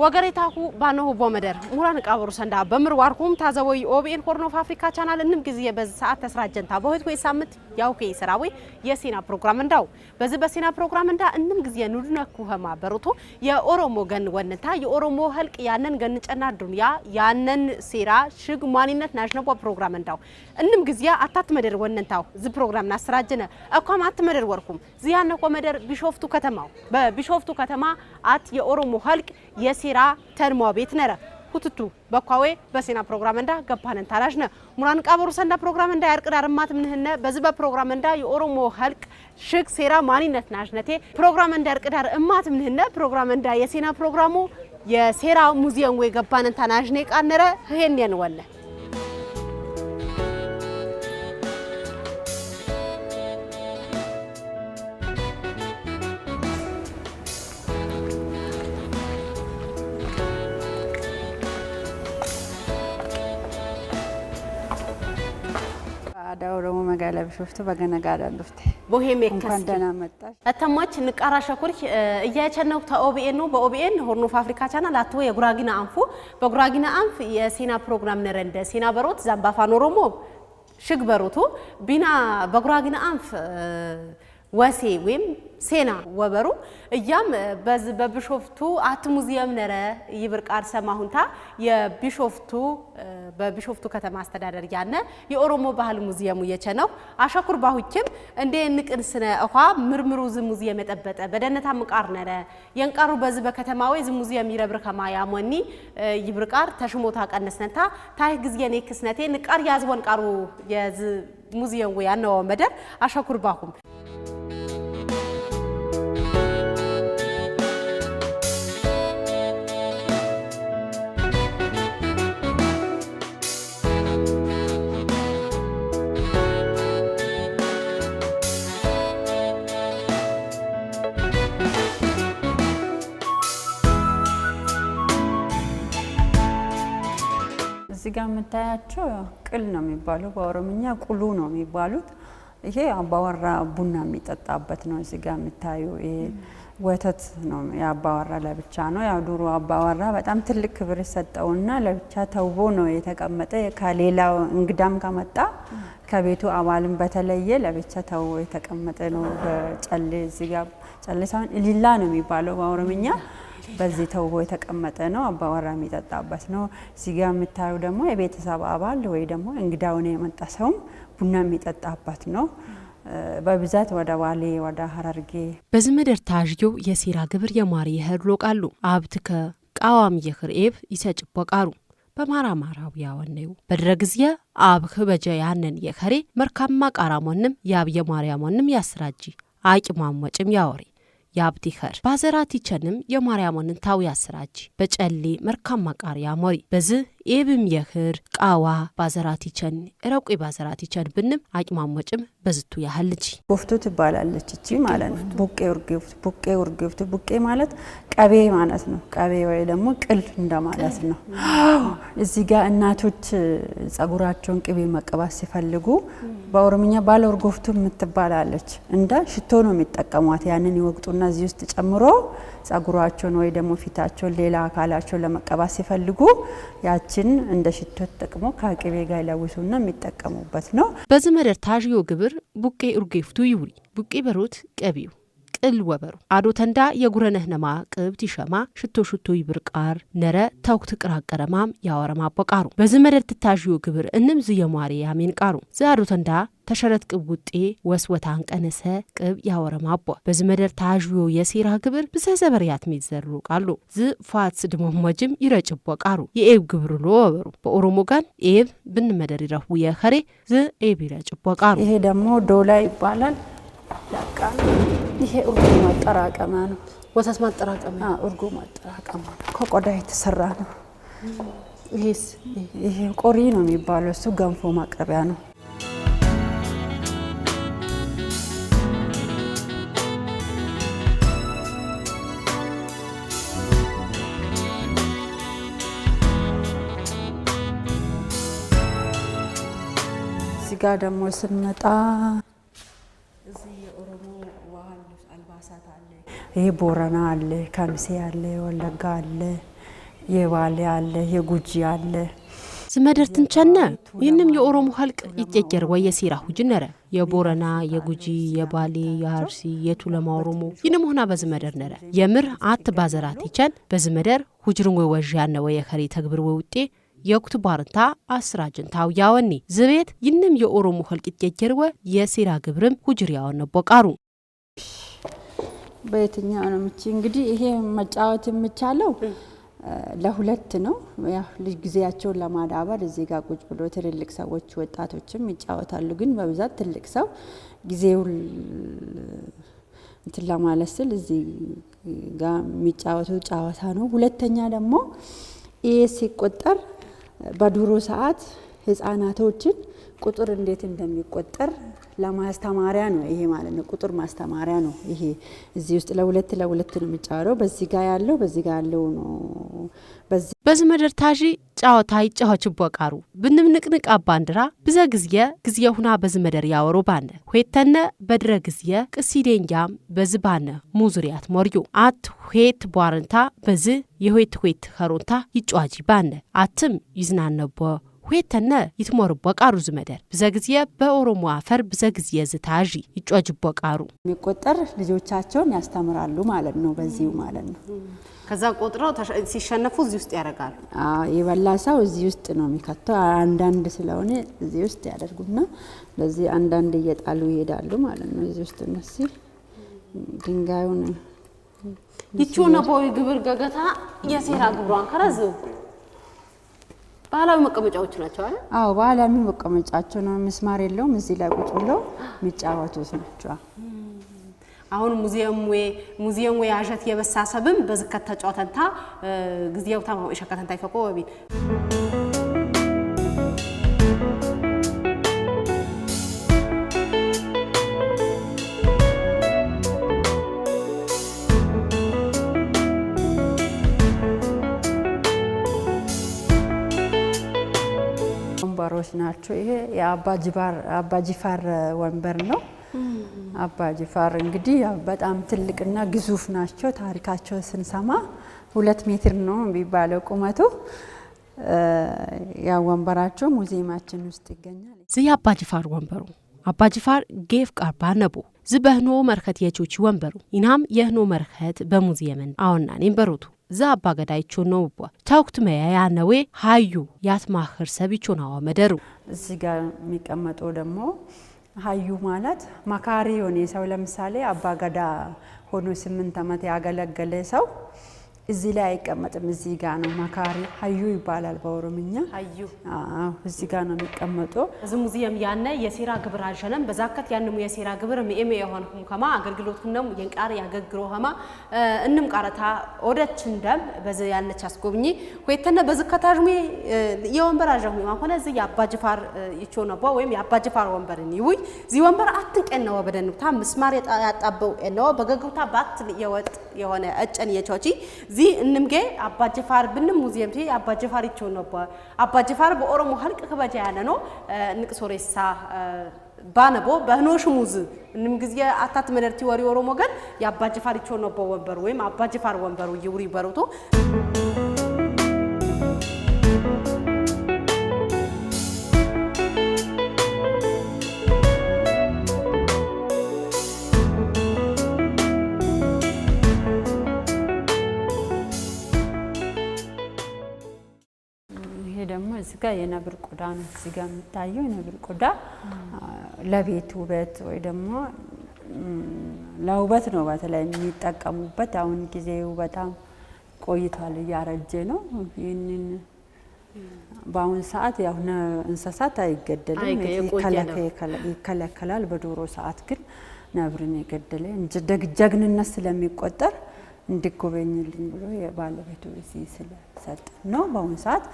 ወገሬታሁ ባነሁ ቦመደር ሙራን ቃብሩ ሰንዳ በምር ዋርኩም ታዘወይ ኦቢኤን ኮርኖፍ አፍሪካ ቻናል እንም ጊዜ በዚህ ሰዓት ተስራጀንታ በህት ወይ ሳምንት ያው ከይ ሰራዊ የሴና ፕሮግራም እንዳው በዚህ በሴና ፕሮግራም እንዳ እንም ጊዜ ኑድነኩ ሀማ በሩቱ የኦሮሞ ገን ወንታ የኦሮሞ ህልቅ ያነን ገንጨና ዱንያ ያነን ሴራ ሽግ ማንነት ናሽናል ፕሮግራም እንዳው እንም ጊዜ አታት መደር ወንንታው ዚ ፕሮግራም ናስራጀነ አቋም አት መደር ወርኩም ዚያነ መደር ቢሾፍቱ ከተማው በቢሾፍቱ ከተማ አት የኦሮሞ ህልቅ የሴ ሴራ ተድሞ ቤት ነረ ሁትቱ በኳዌ በሴና ፕሮግራም እንዳ ገባነን ታላሽ ነ ሙራን ቃበሩ ሰንዳ ፕሮግራም እንዳ ያርቅ ዳርማት ምንህነ በዚህ በፕሮግራም እንዳ የኦሮሞ ህልቅ ሽግ ሴራ ማኒነት ናሽነቴ ፕሮግራም እንዳ ያርቅ ዳር እማት ምንህነ ፕሮግራም እንዳ የሴና ፕሮግራሙ የሴራ ሙዚየም ወይ ገባነን ታናሽኔ ቃነረ ህሄን የንወለ ገለ ብሾፍቱ በገነጋዳ ሉፍቴ ቦሄም እንኳን ደህና መጣሽ አተማች ንቃራ ሸኩር እያቸነው ተኦቢኤን ነው በኦቢኤን ሆርን ኦፍ አፍሪካ ቻናል አትቦ የጉራጊና አንፉ በጉራጊና አንፍ የሴና ፕሮግራም ነረንደ ሴና በሮት ዛምባፋን ኦሮሞ ሽግ በሮቱ ቢና በጉራጊና አንፍ ወሴ ወይም ሴና ወበሩ እያም በዚህ በቢሾፍቱ አት ሙዚየም ነረ ይብርቃር ሰማሁንታ የቢሾፍቱ በቢሾፍቱ ከተማ አስተዳደር ያነ የኦሮሞ ባህል ሙዚየሙ የቸ ነው አሻኩር ባሁችም እንዴ ንቅን ስነ እኳ ምርምሩ ዝ ሙዚየም የጠበጠ በደነታ ምቃር ነረ የንቃሩ በዝ በከተማ ወይ ዝ ሙዚየም ይረብር ከማ ያሞኒ ይብርቃር ተሽሞታ ቀነስነታ ታይ ጊዜ ኔክስነቴ ንቃር ያዝወን ቃሩ የዝ ሙዚየሙ ያነወ መደር አሻኩር ባሁም እዚህ ጋር የምታያቸው ቅል ነው የሚባለው፣ በኦሮምኛ ቁሉ ነው የሚባሉት። ይሄ አባወራ ቡና የሚጠጣበት ነው። እዚህ ጋር የምታዩ ወተት ነው። የአባወራ ለብቻ ነው። ያው ዱሮ አባወራ በጣም ትልቅ ክብር ሰጠውና ለብቻ ተውቦ ነው የተቀመጠ። ከሌላው እንግዳም ከመጣ ከቤቱ አባልም በተለየ ለብቻ ተውቦ የተቀመጠ ነው። በጨሌ እዚህ ጋር ጨሌ ሳይሆን ሊላ ነው የሚባለው በኦሮምኛ በዚህ ተውቦ የተቀመጠ ነው። አባወራ የሚጠጣበት ነው። እዚህ ጋ የምታዩ ደግሞ የቤተሰብ አባል ወይ ደግሞ እንግዳውን የመጣ ሰውም ቡና የሚጠጣበት ነው። በብዛት ወደ ባሌ ወደ ሀረርጌ በዝምድ እርታዥዮ የሲራ ግብር የማሪ የህድ ሎቃሉ አብት ከቃዋም ኤብ ይሰጭ በማራ ማራው ያወነዩ በድረ ጊዜ አብ ህበጀ ያንን የከሬ መርካማ ቃራሞንም የአብ የማርያሞንም ያስራጂ አቂሟም ወጭም ያወሬ የአብዲኸር ባዘራቲቸንም የማርያሞንን ታዊ አስራጂ በጨሌ መርካም ማቃሪያ ሞሪ በዝህ ኤብም የኽር ቃዋ ባዘራት ይቸን ረቁ ባዘራት ይቸን ብንም አቂማሞጭም በዝቱ ያህል ልጅ ቦፍቱ ትባላለች እቺ ማለት ነው። ቡቄ ውርጌፍቱ ቡቄ ውርጌፍቱ ቡቄ ማለት ቀቤ ማለት ነው። ቀቤ ወይ ደግሞ ቅል እንደማለት ነው። እዚህ ጋር እናቶች ጸጉራቸውን ቅቤ መቀባት ሲፈልጉ በኦሮምኛ ባለ ውርጎፍቱ የምትባላለች እንደ ሽቶ ነው የሚጠቀሟት። ያንን ይወቅጡና እዚህ ውስጥ ጨምሮ ጸጉሯቸውን ወይ ደግሞ ፊታቸውን ሌላ አካላቸውን ለመቀባት ሲፈልጉ ያችን እንደ ሽቶ ተጠቅሞ ከቅቤ ጋር ይለውሱና የሚጠቀሙበት ነው። በዚ መደር ታዥዮ ግብር ቡቄ እርጌፍቱ ይውል ቡቄ በሮት ቀቢው ጥል ወበሩ አዶ ተንዳ የጉረነህነማ ቅብት ይሸማ ሽቶ ሽቶ ይብርቃር ነረ ተውክት ቅራቀረማም ያወረማ አቦቃሩ በዚህ መደድ ትታዥዮ ግብር እንም ዝየሟሪ ያሜን ቃሩ ዝ አዶ ተንዳ ተሸረት ቅብ ውጤ ወስወታን ቀነሰ ቅብ ያወረማ አቦ በዚህ መደር ታዥዮ የሴራ ግብር ብሰ ዘበርያት ሚዘሩ ቃሉ ዝ ፋት ስድሞሞጅም ይረጭቦ ቃሩ የኤብ ግብር ሎ ወበሩ በኦሮሞ ጋን ኤብ ብንመደር ይረፉ የኸሬ ዝ ኤብ ይረጭቦ ቃሩ ይሄ ደግሞ ዶላ ይባላል እቃ ይሄ እርጎ ማጠራቀሚያ ነው። ወተት ማጠራቀሚያ እርጎ ማጠራቀሚያ ከቆዳ የተሰራ ነው። ይሄ ቆሪ ነው የሚባለው። እሱ ገንፎ ማቅረቢያ ነው። እዚህ ጋ ደግሞ ስንመጣ የኦሮሞ ባህል አልባሳት አለ። ይሄ ቦረና አለ፣ ከምሴ አለ፣ ወለጋ አለ፣ የባሌ አለ፣ የጉጂ አለ። ስመደር ትንቸነ ይህንም የኦሮሞ ሀልቅ ይጨጀር ወየ ሲራ ሁጅነረ የቦረና የጉጂ የባሌ የአርሲ የቱለማ ኦሮሞ ይንም ሆና በዝመደር ነረ የምር አት ባዘራት ይቸን በዝመደር ሁጅርን ወይ ወዣ ያነ ተግብር ወይ ውጤ የወቅቱ ባርንታ አስራጅን ታውያወኒ ዝቤት ይንም የኦሮሞ ህልቂት የጀርወ የሴራ ግብርም ሁጅሪያውን ነቦቃሩ በየትኛው ነው ምቺ እንግዲህ ይሄ መጫወት የምቻለው ለሁለት ነው። ልጅ ጊዜያቸውን ለማዳበር እዚህ ጋር ቁጭ ብሎ ትልልቅ ሰዎች ወጣቶችም ይጫወታሉ። ግን በብዛት ትልቅ ሰው ጊዜው እንትን ለማለት ስል እዚህ ጋር የሚጫወቱ ጨዋታ ነው። ሁለተኛ ደግሞ ይሄ ሲቆጠር በድሮ ሰዓት ህፃናቶችን ቁጥር እንዴት እንደሚቆጠር ለማስተማሪያ ነው ይሄ ማለት ነው። ቁጥር ማስተማሪያ ነው ይሄ። እዚህ ውስጥ ለሁለት ለሁለት ነው የሚጫወተው። በዚህ ጋር ያለው በዚህ ጋር ያለው ነው። በዚህ መደር ታዢ ጫወታ ይጫወች ቦቃሩ ብንም ንቅንቅ አባንድራ ብዘ ግዚየ ግዚየ ሁና በዚህ መደር ያወሩ ባነ ሄተነ በድረ ግዚየ ቅሲዴንጃም በዚህ ባነ ሙዙሪያት ሞርዩ አት ሄት ቧርንታ በዚህ የሄት ሄት ከሮንታ ይጫዋጂ ባነ አትም ይዝናነቦ ሁየተነ ይትሞርቦ ቃሩ ዝመደር ብዘ ጊዜ በኦሮሞ አፈር ብዘ ጊዜ ዝታዥ ይጮጅ ቃሩ የሚቆጠር ልጆቻቸውን ያስተምራሉ ማለት ነው። በዚሁ ማለት ነው። ከዛ ቆጥረው ሲሸነፉ እዚህ ውስጥ ያደርጋሉ። የበላ ሰው እዚህ ውስጥ ነው የሚከተው። አንዳንድ ስለሆነ እዚህ ውስጥ ያደርጉና በዚህ አንዳንድ እየጣሉ ይሄዳሉ ማለት ነው። እዚህ ውስጥ ነሲ ድንጋዩን ይቺ ሆነ በዊ ግብር ገገታ የሴራ ግብሯን ከረዝ ባህላዊ መቀመጫዎች ናቸው አይደል? አዎ፣ ባህላዊ መቀመጫቸው ነው። ምስማር የለውም። እዚህ ላይ ቁጭ ብለው የሚጫወቱት ናቸው። አሁን ሙዚየም ወይ ሙዚየም ወይ አሸት የበሳሰብም በዝከት ተጫወተንታ ግዚያው ታማው ሸከተንታ ይፈቆ ወቢ ወንበሮች ናቸው። ይሄ የአባጅፋር ወንበር ነው። አባጅፋር እንግዲህ በጣም ትልቅና ግዙፍ ናቸው። ታሪካቸው ስንሰማ ሁለት ሜትር ነው የሚባለው ቁመቱ። ያ ወንበራቸው ሙዚየማችን ውስጥ ይገኛል። ዚህ አባጂፋር ወንበሩ አባጅፋር ጌፍ ቃር ባነቦ ዝበህኖ መርከት የቾቺ ወንበሩ ኢናም የህኖ መርከት በሙዚየምን አዎናኔም በሮቱ ዘአባገዳይቾ ነው ታውክት መያ ያነዌ ሀዩ ያትማህር ሰቢቾና ወመደሩ እዚ ጋር የሚቀመጡ ደግሞ ሀዩ ማለት መካሪ የሆነ ሰው ለምሳሌ አባገዳ ሆኖ ስምንት ዓመት ያገለገለ ሰው እዚህ ላይ አይቀመጥም። እዚህ ጋ ነው መካሪ ሀዩ ይባላል በኦሮምኛ። እዚህ ጋ ነው የሚቀመጠው። እዚ ሙዚየም ያነ የሴራ ግብር አልሸነም በዛከት ያንሙ የሴራ ግብር ሚኤም የሆንኩም ከማ አገልግሎት ነም የንቃር ያገግሮ ኸማ እንም ቃረታ ኦደችን ደም በዚ ያነች አስጎብኚ ሁተነ በዝከታዥሜ የወንበር አዣሁ ማኮነ እዚ የአባጅፋር ይቾ ነቦ ወይም የአባጅፋር ወንበርን ይውይ እዚ ወንበር አትን በደንብታ ምስማር ያጣበው ነወ በገግብታ ባት የወጥ የሆነ እጨን የቾቺ እዚ እንምጌ አባ ጀፋር ብንም ሙዚየም ሲ አባ ጀፋር ይቸው ነባ አባ ጀፋር በኦሮሞ ሀልቅ ክበጃ ያለ ነው ንቅሶሬሳ ባነቦ በህኖሽ ሙዝ እንም ጊዜ አታት መደርቲ ወሪ ኦሮሞ ገን የአባ ጀፋር ይቸው ነባ ወንበር ወይም አባ ጀፋር ወንበሩ ይውሪ በሩቶ ጋር የነብር ቆዳ ነው። እዚህ ጋር የሚታየው የነብር ቆዳ ለቤት ውበት ወይ ደግሞ ለውበት ነው በተለይ የሚጠቀሙበት። አሁን ጊዜው በጣም ቆይቷል፣ እያረጀ ነው። ይህንን በአሁን ሰዓት ያሁነ እንስሳት አይገደልም፣ ይከለከላል። በዶሮ ሰዓት ግን ነብርን የገደለ ጀግንነት ስለሚቆጠር እንዲጎበኝልኝ ብሎ የባለቤቱ እዚህ ስለሰጥ ነው። በአሁኑ ሰዓት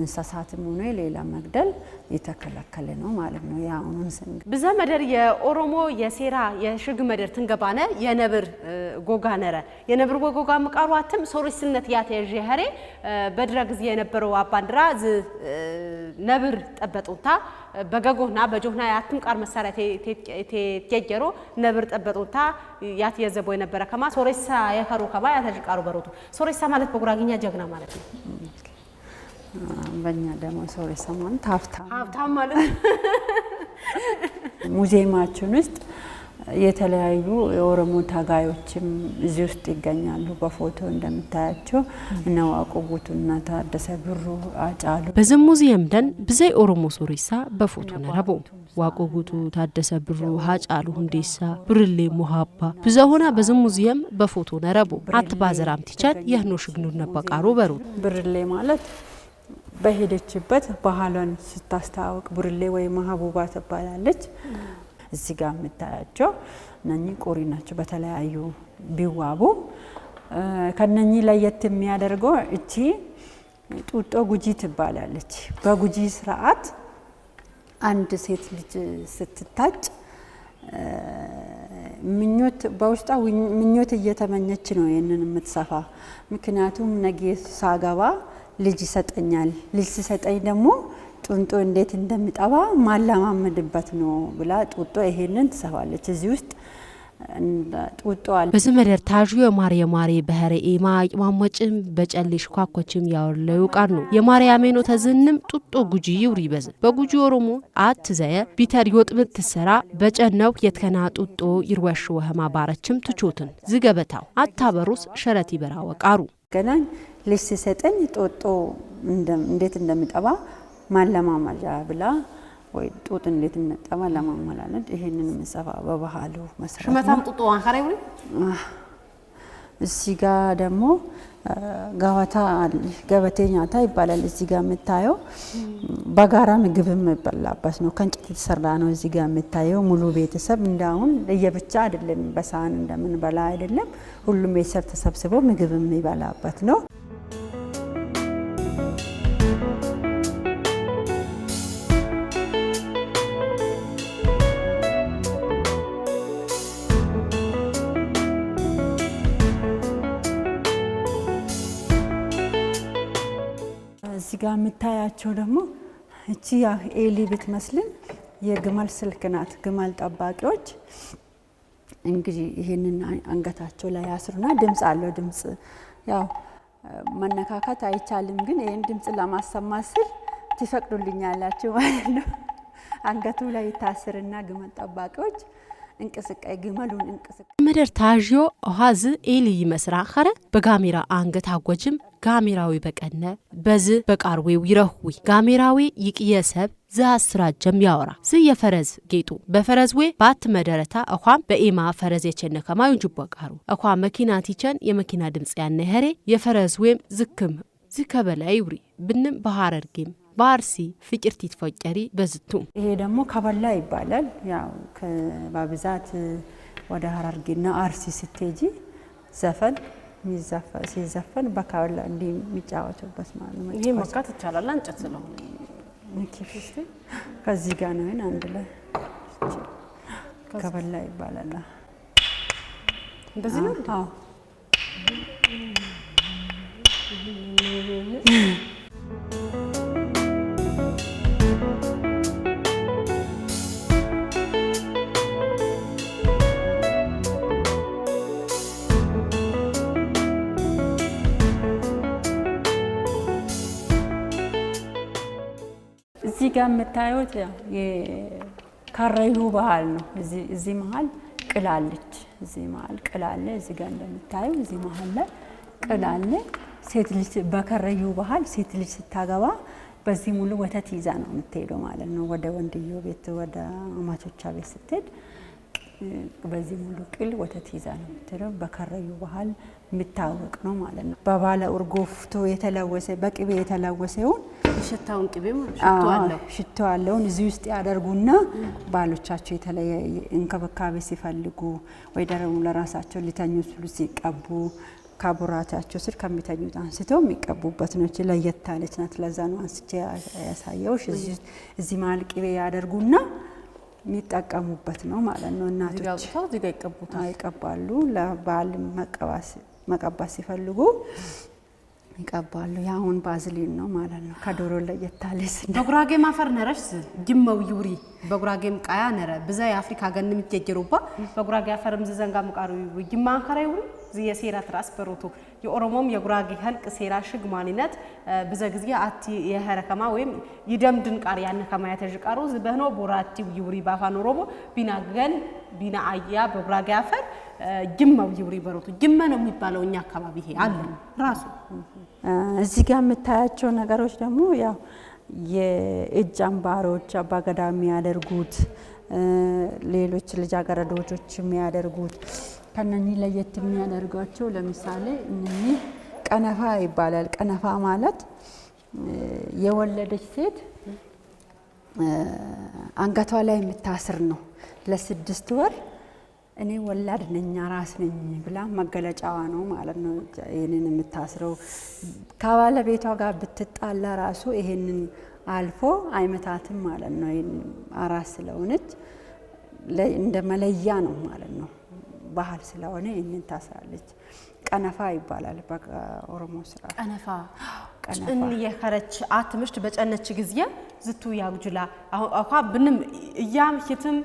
እንስሳትም ሆነ ሌላ መግደል የተከለከለ ነው ማለት ነው። የአሁኑን ስንግ ብዘ መደር የኦሮሞ የሴራ የሽግ መደር ትንገባነ የነብር ጎጋ ነረ የነብር ጎጋ ምቃሯትም ሶሪስ ስነት ያተያዥ ያህሬ በድረ ጊዜ የነበረው አባንድራ ነብር ጠበጡታ በገጎና በጆህና ያቱን ቃር መሳሪያ ቴጌሮ ነብር ጠበጦታ ያት የዘቦ የነበረ ከማ ሶሬሳ የፈሩ ከማ ያተሽ ቃሩ በሮቱ ሶሬሳ ማለት በጉራግኛ ጀግና ማለት ነው። በእኛ ደግሞ ሶሬሳ ማለት ሀብታም ሀብታም ማለት ሙዚየማችን ውስጥ የተለያዩ የኦሮሞ ታጋዮችም እዚህ ውስጥ ይገኛሉ። በፎቶ እንደምታያቸው እነ ዋቆ እና ታደሰ ብሩ አጫሉ በዝም ሙዚየም ደን ብዘይ ኦሮሞ ሶሪሳ በፎቶ ነረቦ ዋቆጉቱ ታደሰ ብሩ ሀጫሉ ሁንዴሳ ብርሌ ሙሀባ ብዘሆና በዝም በፎቶ ነረቦ አትባዘራም ቲቻት የህኖ ሽግኑን ነበቃሩ በሩ ብርሌ ማለት በሄደችበት ባህሏን ስታስተዋወቅ ብርሌ ወይ ማሀቡባ ትባላለች። እዚህ ጋር የምታያቸው እነኚህ ቁሪ ናቸው። በተለያዩ ቢዋቡ ከነኚህ ለየት የሚያደርገው እቺ ጡጦ ጉጂ ትባላለች። በጉጂ ስርዓት አንድ ሴት ልጅ ስትታጭ ምኞት በውስጧ ምኞት እየተመኘች ነው ይህንን የምትሰፋ። ምክንያቱም ነገ ሳገባ ልጅ ይሰጠኛል፣ ልጅ ሲሰጠኝ ደግሞ ጡንጦ እንዴት እንደሚጠባ ማለማመድበት ነው ብላ ጡጦ ይሄንን ትሰፋለች። እዚህ ውስጥ ጡጦዋል በስመደር ታዥ የማር የማሬ በህረ ኢማ ጭማሞጭም በጨሌሽ ኳኮችም ያወለው ቃል ነው የማርያሜኖ ተዝንም ጡጦ ጉጂ ይውሪ በዝ በጉጂ ኦሮሞ አት ዘየ ቢተር ዮጥምት ትሰራ በጨነው የትከና ጡጦ ይርወሽ ወህማ ባረችም ትቾትን ዝገበታው አታበሩስ ሸረት ይበራ ወቃሩ ገናኝ ልጅ ሲሰጠኝ ጦጦ እንዴት እንደሚጠባ ማለማመጃ ብላ ወይ ጡጥ እንዴት እንጠባ ማለማመላለድ ይሄንን ምንሰፋ በባህሉ መስራት ሽመታም ጡጡ አንካራ ይሁን። እዚህ ጋር ደግሞ ጋዋታ ገበቴ ኛታ ይባላል። እዚህ ጋ የምታየው በጋራ ምግብ የሚበላበት ነው። ከእንጨት የተሰራ ነው። እዚህ ጋ የምታየው ሙሉ ቤተሰብ እንዳሁን ለየብቻ አይደለም፣ በሳህን እንደምንበላ አይደለም። ሁሉም ቤተሰብ ተሰብስቦ ምግብ የሚበላበት ነው። ስታያቸው ደግሞ እቺ ኤሊ ብትመስልም የግመል ስልክ ናት። ግመል ጠባቂዎች እንግዲህ ይህንን አንገታቸው ላይ ያስሩና ድምፅ አለው። ድምፅ ያው መነካካት አይቻልም፣ ግን ይህን ድምፅ ለማሰማት ስል ትፈቅዱልኛላችሁ ማለት ነው። አንገቱ ላይ ይታስርና ግመል ጠባቂዎች እንቅስቃይ ግመሉን እንቅስቃይ መደር ታዥዮ ኦሃዝ ኤልይ መስራ ኸረ በጋሜራ አንገት አጎጅም ጋሜራዊ በቀነ በዝ በቃርዌው ይረሁዊ ጋሜራዊ ይቅየ ሰብ ዘአስራጀም ያወራ ዝ የፈረዝ ጌጡ በፈረዝዌ ባት መደረታ እኳም በኤማ ፈረዝ የቸነ ከማዩ ጅቦ ቃሩ እኳ መኪና ቲቸን የመኪና ድምፅ ያነ ኸሬ የፈረዝዌም ዝክም ዝከበላይ ውሪ ብንም በሐረርጌም በአርሲ ፍቅርቲ ትፈቀሪ በዝቱ ይሄ ደግሞ ከበላ ይባላል። ያው በብዛት ወደ ሀረርጌና አርሲ ስቴጂ ዘፈን ሲዘፈን በከበላ እንዲህ የሚጫወቱበት ማለት ነው። ይህ መካት ይቻላል እንጨት ስለሆነ ከዚህ ጋር ነው አንድ ላይ ከበላ ይባላል። እንደዚህ ነው ጋር የምታዩት ካረዩ ባህል ነው። እዚህ መሀል ቅላለች። እዚህ መሀል ቅላለ። እዚህ ጋር እንደምታዩ እዚህ መሀል ላይ ቅላለ። ሴት ልጅ በከረዩ ባህል ሴት ልጅ ስታገባ በዚህ ሙሉ ወተት ይዛ ነው የምትሄደው ማለት ነው። ወደ ወንድዮ ቤት ወደ አማቾቻ ቤት ስትሄድ በዚህ ሙሉ ቅል ወተት ይዛ ነው የምትሄደው። በከረዩ ባህል የሚታወቅ ነው ማለት ነው። በባለ እርጎ ፍቶ የተለወሰ በቅቤ የተለወሰውን የሸታውን ቅቤ ሽቶ ያለውን እዚህ ውስጥ ያደርጉና ባሎቻቸው የተለየ እንክብካቤ ሲፈልጉ ወይ ደግሞ ለራሳቸው ሊተኙ ስሉ ሲቀቡ ከቡራቻቸው ስር ከሚተኙት አንስተው የሚቀቡበት ነው። ለየት ያለች ናት። ለዛ ነው አንስቼ ያሳየውሽ። እዚህ መሀል ቅቤ ያደርጉና የሚጠቀሙበት ነው ማለት ነው። እናቶች ይቀባሉ። ለባል መቀባት ሲፈልጉ ይቀባሉ። የአሁን ባዝሊን ነው ማለት ነው። ከዶሮ ለየት ያለ በጉራጌ ማፈር ነረሽ ጅመው ይውሪ በጉራጌም ቃያ ነረ ብዛ የአፍሪካ ገንም ይጀጀሩባ በጉራጌ አፈርም ዝዘንጋ ሙቃሩ ጅማ አንከራ ይውሪ የሴራ ትራስ በሮቶ የኦሮሞም የጉራጌ ህልቅ ሴራ ሽግ ማንነት ብዘ ጊዜ አቲ የኸረከማ ወይም ይደም ድንቃር ያነ ከማ ያተዥቃሩ ዝበህኖ ቦራቲ ይውሪ ባፋን ኦሮሞ ቢና ገን ቢና አያ በጉራጌ አፈር ጅማው ጅብሪ በሮቱ ጅማ ነው የሚባለው እኛ አካባቢ ይሄ አለ ራሱ። እዚህ ጋር የምታያቸው ነገሮች ደግሞ ያው የእጅ አምባሮች አባገዳ የሚያደርጉት ሌሎች ልጃገረዶች የሚያደርጉት ከነኚህ ለየት የሚያደርጓቸው ለምሳሌ እነኚህ ቀነፋ ይባላል። ቀነፋ ማለት የወለደች ሴት አንገቷ ላይ የምታስር ነው ለስድስት ወር እኔ ወላድ ነኝ አራስ ነኝ ብላ መገለጫዋ ነው ማለት ነው። ይህንን የምታስረው ከባለቤቷ ጋር ብትጣላ ራሱ ይሄንን አልፎ አይመታትም ማለት ነው። አራስ ስለሆነች እንደ መለያ ነው ማለት ነው። ባህል ስለሆነ ይህንን ታስራለች። ቀነፋ ይባላል በኦሮሞ ስራ። ቀነፋ ጭን የከረች አትምሽት በጨነች ጊዜ ዝቱ ያጉጅላ አኳ ብንም እያም ሂትም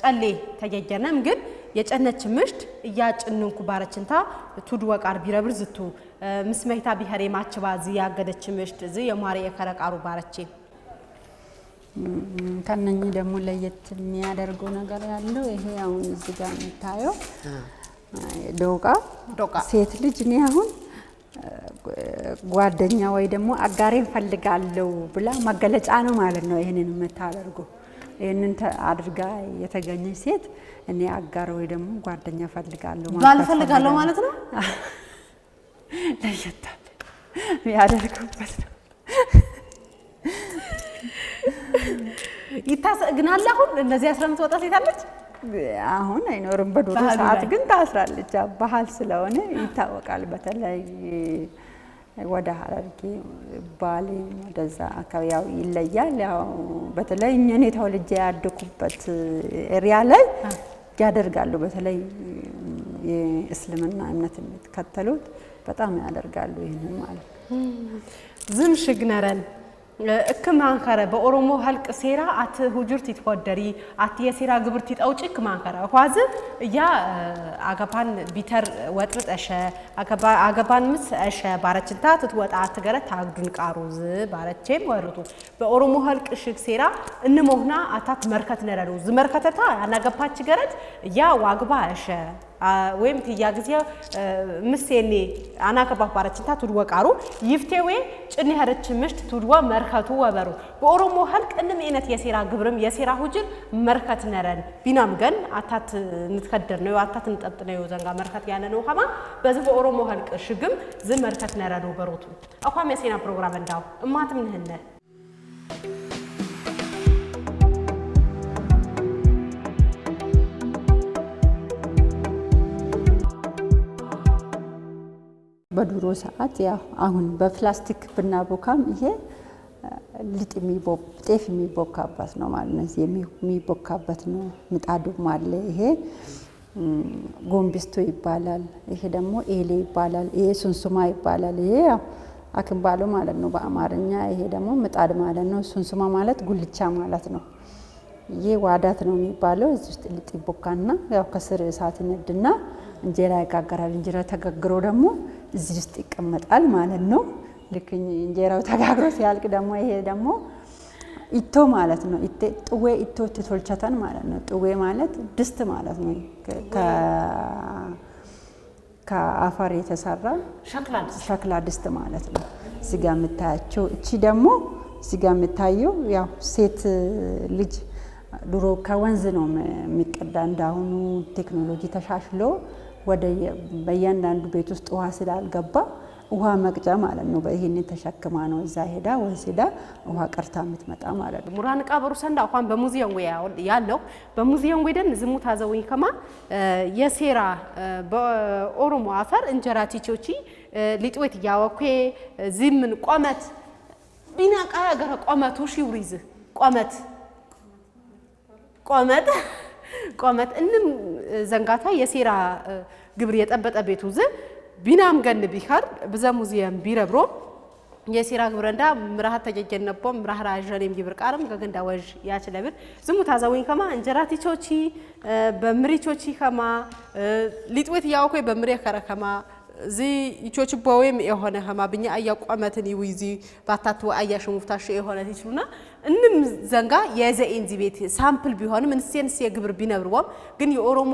ጨሌ ተየየነም ግን የጨነች ምሽት እያጭንንኩ ባረችንታ ቱድ ወቃር ቢረብር ዝቱ ምስመይታ ቢሄሬ ማችባ ዝ ያገደች ምሽት ዝ የማሪ የከረቃሩ ባረቼ ከነኚህ ደግሞ ለየት የሚያደርጉ ነገር ያለው ይሄ አሁን እዚህ ጋር የምታየው ዶቃ ሴት ልጅ እኔ አሁን ጓደኛ ወይ ደግሞ አጋሬን ፈልጋለው ብላ መገለጫ ነው ማለት ነው። ይህንን የምታደርጉ ይህንን አድርጋ የተገኘ ሴት እኔ አጋር ወይ ደግሞ ጓደኛ ፈልጋለሁ ባል ፈልጋለሁ ማለት ነው። ለየታል ያደርጉበት ነው። ይታሰ ግን አለ አሁን እንደዚህ አስራ የምትወጣ ሴት አለች። አሁን አይኖርም። በዶሮ ሰዓት ግን ታስራለች። ባህል ስለሆነ ይታወቃል በተለይ ወደ ሀረርጌ ባሌ ወደዛ አካባቢ ያው ይለያል። ያው በተለይ እኔ ተወልጄ ያደኩበት ኤሪያ ላይ ያደርጋሉ። በተለይ የእስልምና እምነት የሚከተሉት በጣም ያደርጋሉ። ይህንን ማለት ነው ዝም ሽግነረን እክም አንከረ በኦሮሞ ሀልቅ ሴራ አት ሁጅርት ይትወደሪ አት የሴራ ግብርት ይጣውጭ እክም አንከረ እያ አገባን ቢተር ወጥርጥ እሸ አገባን ምስ እሸ ባረችንታ ትትወጣ አትገረ ታግዱን ቃሩዝ ባረቼም ወርቱ በኦሮሞ ሀልቅ ሽግ ሴራ እንሞህና አታት መርከት ነረሩ ዝመርከተታ ያናገባች ገረድ እያ ዋግባ እሸ ወይም ትያ ጊዜ ምሴኔ አናከባባረችንታ ቱድወ ቃሩ ይፍቴዌ ጭን ያረች ምሽት ቱድወ መርከቱ ወበሩ በኦሮሞ ሀልቅ እንም አይነት የሴራ ግብርም የሴራ ሁጅል መርከት ነረን ቢናም ገን አታት ንትከደር ነው አታት ንጠጥ ነው ዘንጋ መርከት ያለ ነው ሀማ በዚህ በኦሮሞ ሀልቅ ሽግም ዝ መርከት ነረን ወበሮቱ አኳም የሴና ፕሮግራም እንዳው እማትም ንህነ በድሮ ሰዓት ያው አሁን በፕላስቲክ ብናቦካም ይሄ ልጥ ጤፍ የሚቦካበት ነው ማለት ነው። የሚቦካበት ነው። ምጣዱም አለ። ይሄ ጎንቢስቶ ይባላል። ይሄ ደግሞ ኤሌ ይባላል። ይሄ ሱንሱማ ይባላል። ይሄ ያው ማለት ነው በአማርኛ። ይሄ ደግሞ ምጣድ ማለት ነው። ሱንሱማ ማለት ጉልቻ ማለት ነው። ይሄ ዋዳት ነው የሚባለው። እዚህ ውስጥ ልጥ ይቦካና ያው ከስር እሳት ይነድና እንጀራ ይጋገራል። እንጀራ ተጋግሮ ደግሞ እዚህ ውስጥ ይቀመጣል ማለት ነው። ልክ እንጀራው ተጋግሮ ሲያልቅ ደግሞ ይሄ ደግሞ ኢቶ ማለት ነው። ጥዌ ኢቶ ትቶልቸተን ማለት ነው። ጥዌ ማለት ድስት ማለት ነው። ከአፈር የተሰራ ሸክላ ድስት ማለት ነው። እዚጋ የምታያቸው እቺ ደግሞ እዚጋ የምታየው ያው ሴት ልጅ ድሮ ከወንዝ ነው የሚቀዳ እንዳሁኑ ቴክኖሎጂ ተሻሽሎ ወደ በእያንዳንዱ ቤት ውስጥ ውሃ ስላልገባ ውሃ መቅጫ ማለት ነው። ይህንን ተሸክማ ነው እዛ ሄዳ ወስዳ ውሃ ቀርታ የምትመጣ ማለት ነው። ሙራን ቃበሩ ሰንዳ አኳን በሙዚየም ያለው በሙዚየም ወደን ዝሙት አዘውኝ ከማ የሴራ በኦሮሞ አፈር እንጀራ ቲቾቺ ሊጥዌት እያወኩዬ ዝምን ቆመት ቢና ቃያ ገረ ቆመቱ ሺውሪዝ ቆመት ቆመት ቆመት እንም ዘንጋታ የሴራ ግብር የጠበጠ ቤቱ ዝ ቢናም ገን ቢኸር ብዘ ሙዚየም ቢረብሮ የሲራ እንዳ ምራህ ምራሃት ነቦ ምራህራ ጀሬም ግብር ቃርም ገገንዳ ወዥ ያችለብር ዝሙ ታዛዊን ከማ በምሪ ቾቺ ከማ ሊጥዌት ያውኮ በምሪ ከረ ከማ እዚ ይቾች ቦዌም የሆነ ሀማ ብኛ አያ ቆመትን ዚ ባታት አያ ሽሙፍታሽ የሆነ ይችሉና እንም ዘንጋ የዘኢንዚ ቤት ሳምፕል ቢሆንም እንስየንስ የግብር ቢነብርዎም ግን የኦሮሞ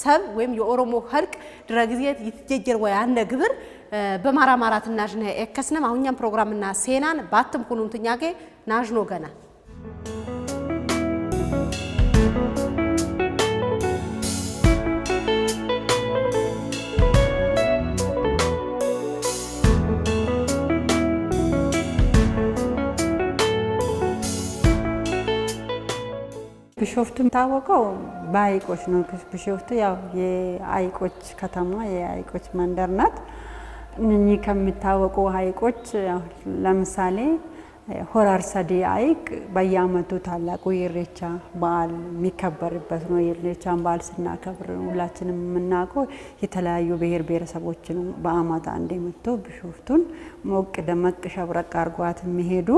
ሰብ ወይም የኦሮሞ ህልቅ ድረ ጊዜት ይትጀጀር ወይ አነ ግብር በማራማራት ናዥነ ኤከስነም አሁኛም ፕሮግራምና ሴናን ባትም ኩኑንትኛጌ ናዥኖ ገና ቢሾፍቱ የሚታወቀው በሀይቆች ነው። ቢሾፍቱ ያው የሀይቆች ከተማ የሀይቆች መንደር ናት። እኚህ ከሚታወቁ ሀይቆች ለምሳሌ ሆራር ሰዴ ሀይቅ በየአመቱ ታላቁ የኢሬቻ በዓል የሚከበርበት ነው። የኢሬቻን በዓል ስናከብር ሁላችንም የምናውቀው የተለያዩ ብሔር ብሔረሰቦች ነው በዓመት አንዴ መጥቶ ቢሾፍቱን ሞቅ ደመቅ ሸብረቅ አርጓት የሚሄዱ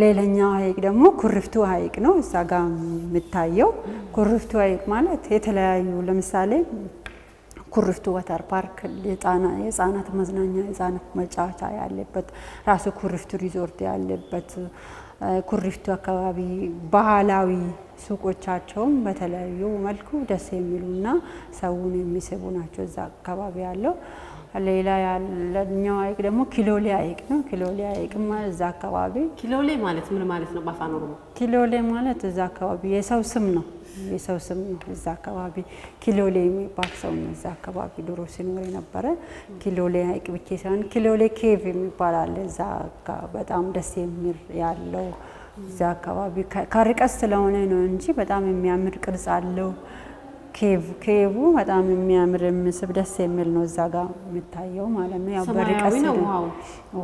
ሌላኛው ሀይቅ ደግሞ ኩርፍቱ ሀይቅ ነው። እዛ ጋር የምታየው ኩርፍቱ ሀይቅ ማለት የተለያዩ ለምሳሌ ኩርፍቱ ወተር ፓርክ የህፃናት መዝናኛ የህፃናት መጫወቻ ያለበት ራሱ ኩርፍቱ ሪዞርት ያለበት ኩሪፍቱ አካባቢ ባህላዊ ሱቆቻቸውም በተለያዩ መልኩ ደስ የሚሉና ሰውን የሚስቡ ናቸው። እዛ አካባቢ ያለው ሌላ ያለኛው ሐይቅ ደግሞ ኪሎሌ ሐይቅ ነው። ኪሎሌ ሐይቅም እዛ አካባቢ ኪሎሌ ማለት ምን ማለት ነው? በአፋን ኦሮሞ ኪሎሌ ማለት እዛ አካባቢ የሰው ስም ነው። የሰው ስም ነው። እዛ አካባቢ ኪሎሌ የሚባል ሰው ነው። እዛ አካባቢ ድሮ ሲኖር የነበረ ኪሎሌ ሐይቅ ብቻ ሳይሆን ኪሎሌ ኬቭ የሚባል አለ። እዛ በጣም ደስ የሚል ያለው እዛ አካባቢ ከርቀት ስለሆነ ነው እንጂ በጣም የሚያምር ቅርጽ አለው። ኬቭ ኬቭ በጣም የሚያምር ምስብ ደስ የሚል ነው። እዛ ጋር የምታየው ማለት ነው። ያው በርቀት ነው።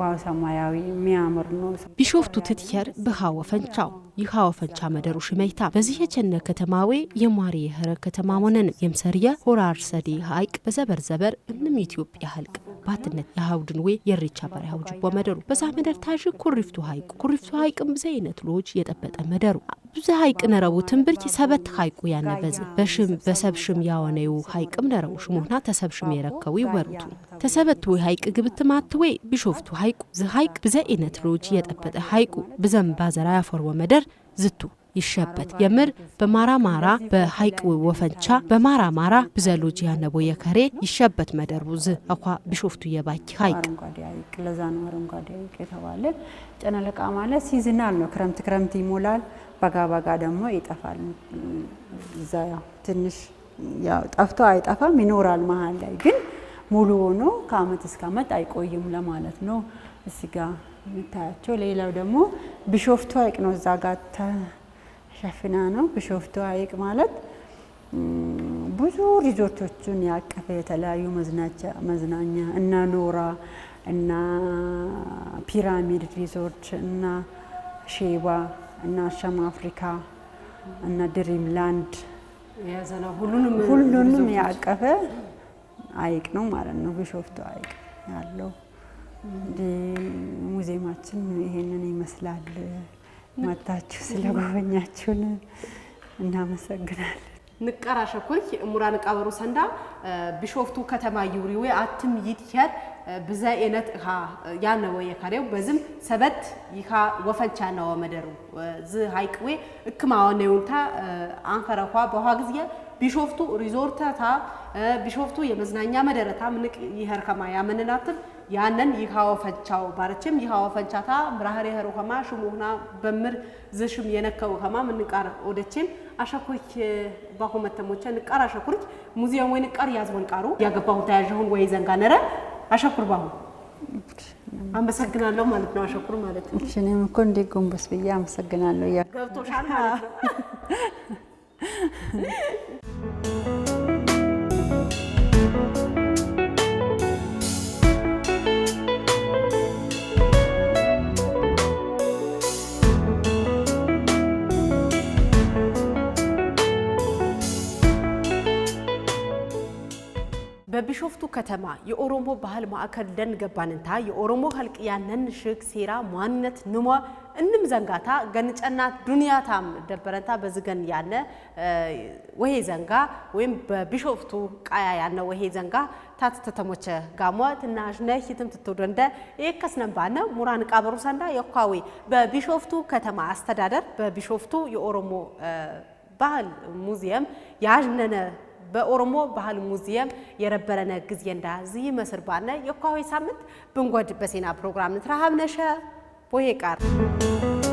ዋው ሰማያዊ የሚያምር ነው። ቢሾፍቱ ትትየር ብሃወ ፈንቻው ይካወፈቻ መደሩ ሽመይታ በዚህ የቸነ ከተማዊ የማሪ የህረ ከተማ ሞነን የምሰርየ ሆራር ሰዴ ሀይቅ በዘበር ዘበር እንም ኢትዮጵያ ህልቅ ባትነት የሀውድን ዌ የሬቻ በሪ ሀውጅቦ መደሩ በዛ መደር ታዥ ኩሪፍቱ ሀይቁ ኩሪፍቱ ሀይቅም ብዘ አይነት ሎጅ የጠበጠ መደሩ ብዙ ሀይቅ ነረቡ ትንብርኪ ሰበት ሀይቁ ያነበዝ በሽም በሰብሽም ያወነዩ ሀይቅም ነረቡ ሽሙና ተሰብሽም የረከቡ ይወሩቱ ተሰበት ወይ ሀይቅ ግብት ማትዌ ቢሾፍቱ ሀይቁ ዝ ሀይቅ ብዘ አይነት ሎጅ የጠበጠ ሀይቁ ብዘም ባዘራ ያፈርወ መደር ዝቱ ይሸበት የምር በማራማራ በሀይቅ ወፈንቻ በማራማራ ብዘሎጅ ያነቦ የከሬ ይሸበት መደርቡ ዝ አኳ ቢሾፍቱ የባኪ ሀይቅ አረንጓዴ ለዛ ነው አረንጓዴ ሀይቅ የተባለ። ጨነለቃ ማለት ሲዝናል ነው። ክረምት ክረምት ይሞላል፣ በጋ በጋ ደግሞ ይጠፋል። እዛ ትንሽ ጠፍቶ አይጠፋም ይኖራል። መሀል ላይ ግን ሙሉ ሆኖ ከአመት እስከ አመት አይቆይም ለማለት ነው እዚህ ጋር የምታያቸው። ሌላው ደግሞ ቢሾፍቱ ሐይቅ ነው። እዛ ጋር ተሸፍና ነው። ቢሾፍቱ ሐይቅ ማለት ብዙ ሪዞርቶችን ያቀፈ የተለያዩ መዝናኛ እና ኖራ እና ፒራሚድ ሪዞርት እና ሼባ እና ሸማ አፍሪካ እና ድሪም ላንድ ሁሉንም ያቀፈ ሐይቅ ነው ማለት ነው ቢሾፍቱ ሐይቅ ያለው ሙዚየማችን ይሄንን ይመስላል። መታችሁ ስለጎበኛችሁን እናመሰግናለን። ንቀራ ሸኮርኪ እሙራ ንቃበሩ ሰንዳ ቢሾፍቱ ከተማ ይውሪዌ አትም ይትሄር ብዘ ኤነት እኻ ያነወ የካሬው በዝም ሰበት ይኻ ወፈንቻ ናወ መደሩ ዝ ሀይቅዌ እክማወ ነዩንታ አንፈረኳ በኋ ጊዜ ቢሾፍቱ ሪዞርታታ ቢሾፍቱ የመዝናኛ መደረታ ምንቅ ይኸርከማ ያመንናትም ያንን ይካወ ፈንቻው ባረችም ይካወ ፈንቻታ ብራህሪ የኸሮ ከማ ሽሙሁና በምር ዝሽም የነከው ኸማ ምንቃር ኦደችን ባሁ መተሞቸ ንቃር አሸኩርች ሙዚየም ወይ ንቃር ያዝወን ቃሩ ያገባሁ ተያዥሁን ወይ ዘንጋ ነረ አሸኩር ባሁ አመሰግናለሁ ማለት ነው። አሸኩር ማለት ነው። እሺ እኔም እኮ እንዴ ጎንበስ ብዬ አመሰግናለሁ ያ ገብቶሻል ማለት ነው። በቢሾፍቱ ከተማ የኦሮሞ ባህል ማዕከል ደን ገባንንታ የኦሮሞ ሀልቅ ያነን ሽግ ሴራ ማንነት ንሟ እንም ዘንጋታ ገንጨና ዱንያታም ደበረንታ በዝገን ያነ ወሄ ዘንጋ ወይም በቢሾፍቱ ቃያ ያነ ወሄ ዘንጋ ታት ተተሞቸ ጋሞ ትናሽ ነ ሂትም ትትወደንደ የከስነንባነ ሙራን ቃበሩ ሰንዳ የኳዌ በቢሾፍቱ ከተማ አስተዳደር በቢሾፍቱ የኦሮሞ ባህል ሙዚየም ያነነ በኦሮሞ ባህል ሙዚየም የረበረነ ጊዜ ዝይ መስር ባነ የኳሆይ ሳምንት ብንጎድ በሴና ፕሮግራም ነሸ ቦሄ ቃር